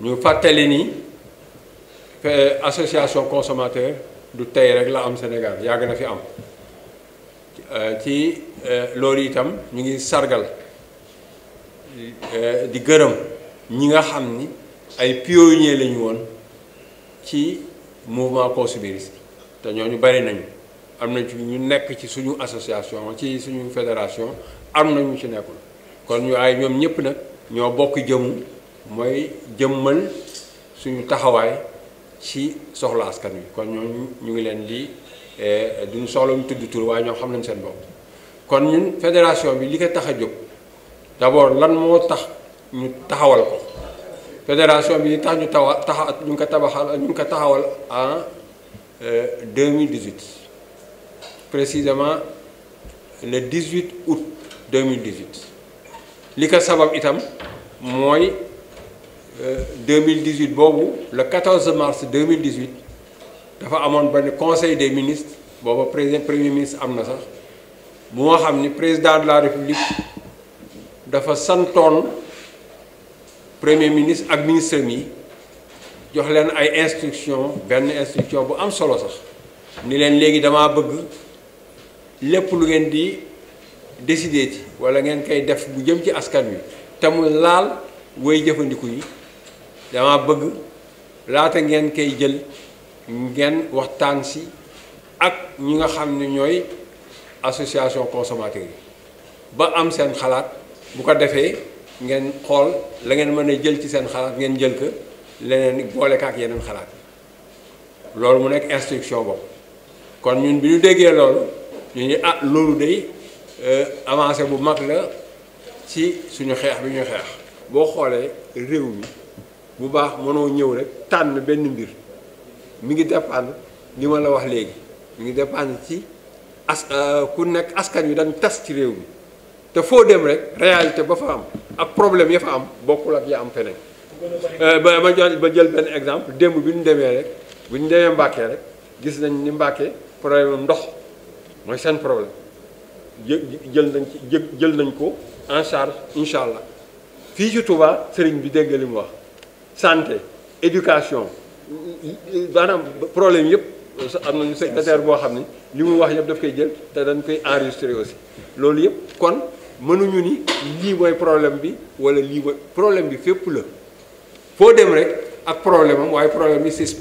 ñu fàttali ni association consomateur du tey rek la am Sénégal yàgg na fi am euh, ci euh, loolu itam ñu ngi sargal euh, di gërëm ñi nga xam ni ay pionniers lañu woon ci mouvement consumériste te ñooñu bari nañu am na ñu nekk ci suñu association ci suñu fédération am na ñu ci nekkul kon ñu ay ñoom ñëpp nag ñoo bokk jëmu. mooy jëmmal suñu taxawaay ci soxla askan wi kon ñooñu ñu ngi leen di eh, duñu soxla mu tudd tur waaye ñoo xam nañ seen bopp kon ñun fédération bi li ko tax a jóg d'abord lan moo tax ñu taxawal ko fédération bi li tax ñu tawa taxa ñu ngi ko tabaxal ñu ngi ko taxawal en 2018 eh, précisément le 18 août 2018 li ko sabab itam mooy Euh, deux 2018 boobu le 14 mars 2018 dafa amoon ba benn conseil des ministres booba président premier ministre am na sax bu nga xam ni président de la république dafa santoon premier ministre ak ministre mi jox leen ay instruction benn instruction bu am solo sax ni leen léegi damaa bëgg lépp lu ngeen di décider ci walla ngeen koy def bu jëm ci askan wi te mu laal way jëfandiku yi dama bëgg laata ngeen koy jël ngeen waxtaan si ak ñi nga xam ni ñooy association consommateur yi ba am seen xalaat bu ko defee ngeen xool la ngeen mën a jël ci seen xalaat ngeen jël ko leneen boole ko ak yeneen xalaat loolu mu nekk instruction boobu kon ñun bi ñu déggee loolu ñu ni ah loolu day euh, avancé bu mag la ci suñu xeex bi ñu xeex boo xoolee réew mi bu baax mënoo ñëw rek tànn benn mbir mi ngi dépendre li ma la wax léegi mu ngi dépendre ci as euh, ku nekk askan wi dañ tas ci réew mi te foo dem rek réalité ba fa am ak problème ya fa am bokkul ak ya am feneen. Euh, ba ma ba jël benn exemple démb bi ñu demee rek bu ñu demee Mbàkke rek gis nañ ni Mbàkke problème ndox mooy seen problème jë jël nañ ci jël nañ ko en charge incha allah fii ci Touba sëriñ bi dégg li mu wax. santé éducation maanaam problème yëpp am nañu secrétaire boo xam ne li muy wax yëpp daf koy jël te dañ koy enregistré aussi loolu yëpp kon mënuñu ni lii mooy problème bi wala lii mooy problème bi fépp la foo dem rek ak problème moom waaye problème bi c'est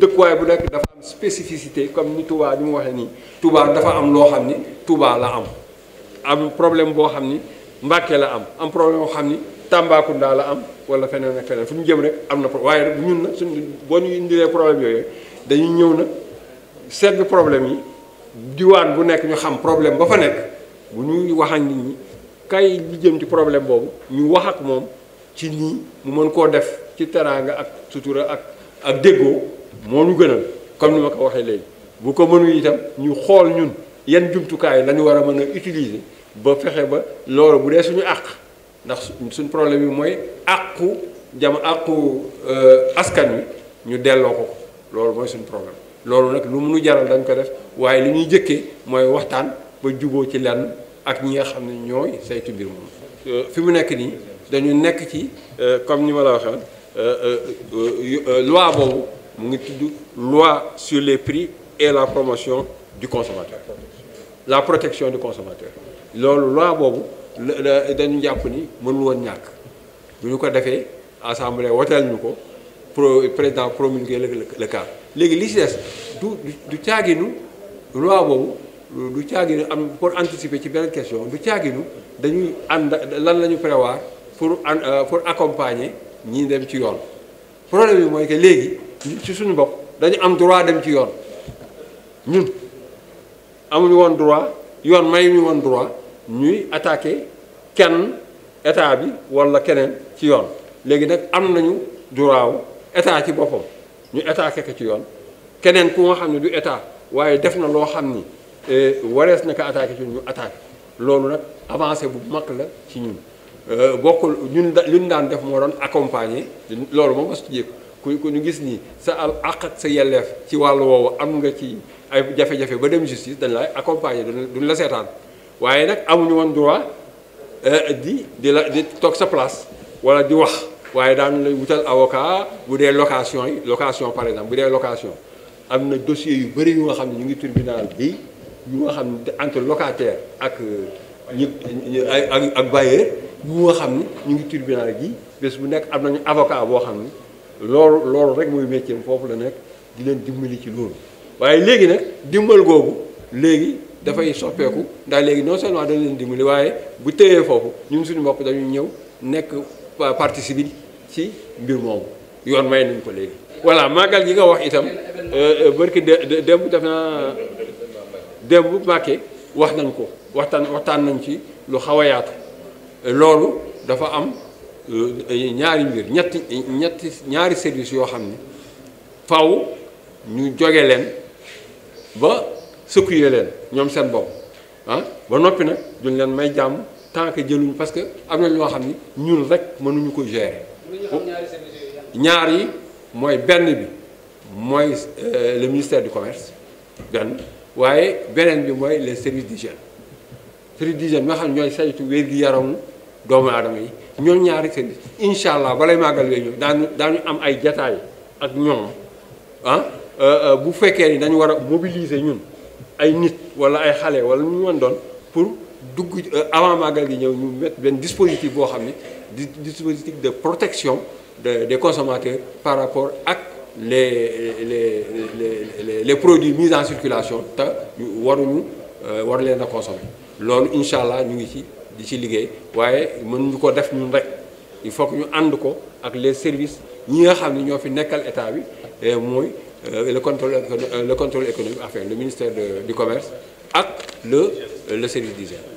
dëkkuwaay bu nekk dafa am spécificité comme ni Touba ni mu waxee nii Touba dafa am loo xam ni Touba la am am problème boo xam ni Mbàkke la am am problème boo xam ni Tambacounda la am wala feneen ak feneen fu ñu jëm rek am na waaye rek ñun nag suñ boo ñu indilee problème yooyu dañuy ñëw na segg problème yi diwaan bu nekk ñu xam problème ba fa nekk bu ñuy wax ak nit ñi kay li jëm ci problème boobu ñu wax ak moom ci nii mu mën koo def ci teraanga ak sutura ak ak déggoo moo ñu gënal comme ni ma ko waxee léegi bu ko mënu itam ñu xool ñun yan jumtukaay la ñu war a mën a utiliser ba fexe ba loolu bu dee suñu àq ndax suñ problème yi mooy àqu jama àqu euh, askan wi ñu delloo ko loolu mooy suñ problème loolu nag lu mënu jaral dañ ko def waaye li ñuy jëkkee mooy waxtaan ba juboo ci lenn ak ñi xam ne ñooy saytu mbir moom euh, fi mu nekk nii dañu nekk ci euh, comme ni ma la waxee loi boobu mu ngi tudd loi sur les prix et la promotion du consommateur la protection du consommateur loolu loi boobu la dañu jàpp ni mënul woon ñàkk bu ñu ko defee assemblée woteel ñu ko pro président promulgué le le cas léegi li ci des du du caaginu loi boobu du caaginu am pour anticiper ci benn question du caaginu dañuy ànd lan la ñu prévoir pour euh, pour accompagner ñi dem ci yoon problème bi mooy que léegi ci suñu bopp dañu am droit dem ci yoon ñun amuñu woon droit yoon mayuñu woon droit. ñuy attaqué kenn état bi walla keneen ci yoon léegi nag am nañu droit état ci boppam ñu attaqué ko ci yoon keneen ku nga xam ne du état waaye def na loo xam ni eh, warees na ko attaqué ci ñu attaqué loolu nag avancé bu mag la ci ñun eh, bokkul ñun da li ñu daan def moo doon accompagner loolu moom mos ci ku ku ñu gis nii sa al àq sa yelleef ci wàllu woowu am nga ci ay jafe-jafe ba dem justice dañ laay accompagner duñ la seetaan. waaye nag amuñu woon droit euh, di di la di toog sa place wala di wax waaye daan lay wutal avocat bu dee location yi location par exemple bu dee location am na dossier yu bëri yu nga xam ne ñu ngi tribunal bi yu nga xam ne entre ak euh, ñi ak ak bailleur yu xam ne ñu ngi tribunal bi bés bu nekk am nañu avocat boo xam ne loolu loolu rek mooy métier foofu la nekk di leen dimbali ci loolu waaye léegi nag dimbal googu léegi dafay soppeeku ndax léegi non seulement dañ leen dimbali waaye bu tëyee foofu ñun suñu bopp dañu ñëw nekk partie civile ci mbir moomu yoon may nañu ko léegi. voilà màggal yi nga wax itam euh, euh, barki dé démb def naa démb bu màkkee wax nañ ko waxtaan waxtaan nañ ci lu xaw a yaatu loolu dafa am euh, ñaari mbir ñetti ñetti ñaari service yoo xam ne faw ñu joge leen ba. secouer leen ñoom seen bopp ah ba noppi nag duñ leen may jàmm tant que jëluñu parce que am na ñoo xam ni ñun rek mënuñu ko gérer. ñaar yi mooy benn bi mooy euh, le ministère du commerce benn waaye beneen bi mooy les services d'hygiène du d'hygiène nga xam ne ñooy saytu wér-gi-yaramu doomu aadama yi ñoom ñaari service incha allah balay màggal wéy ñëw daañu daañu am ay jataay ak ñoom ah euh, euh, bu fekkee ni dañu war a mobiliser ñun. ay nit wala ay xale wala ñu mën doon pour dugg euh, avant màggal gi ñëw ñu mettre benn dispositif boo xam ne di dispositif de protection de des consommateurs par rapport ak les les les les produits mis en circulation te waruñu euh, war leen a consommer loolu incha allah ñu ngi ci di ci liggéey waaye mënuñu ko def ñun rek il faut que ñu ànd ko ak les services ñi nga xam ni ñoo fi nekkal état bi euh, mooy. et euh, le contrôle euh, le contrôle économique enfin le ministère de, du commerce ak le euh, le service d'hygiène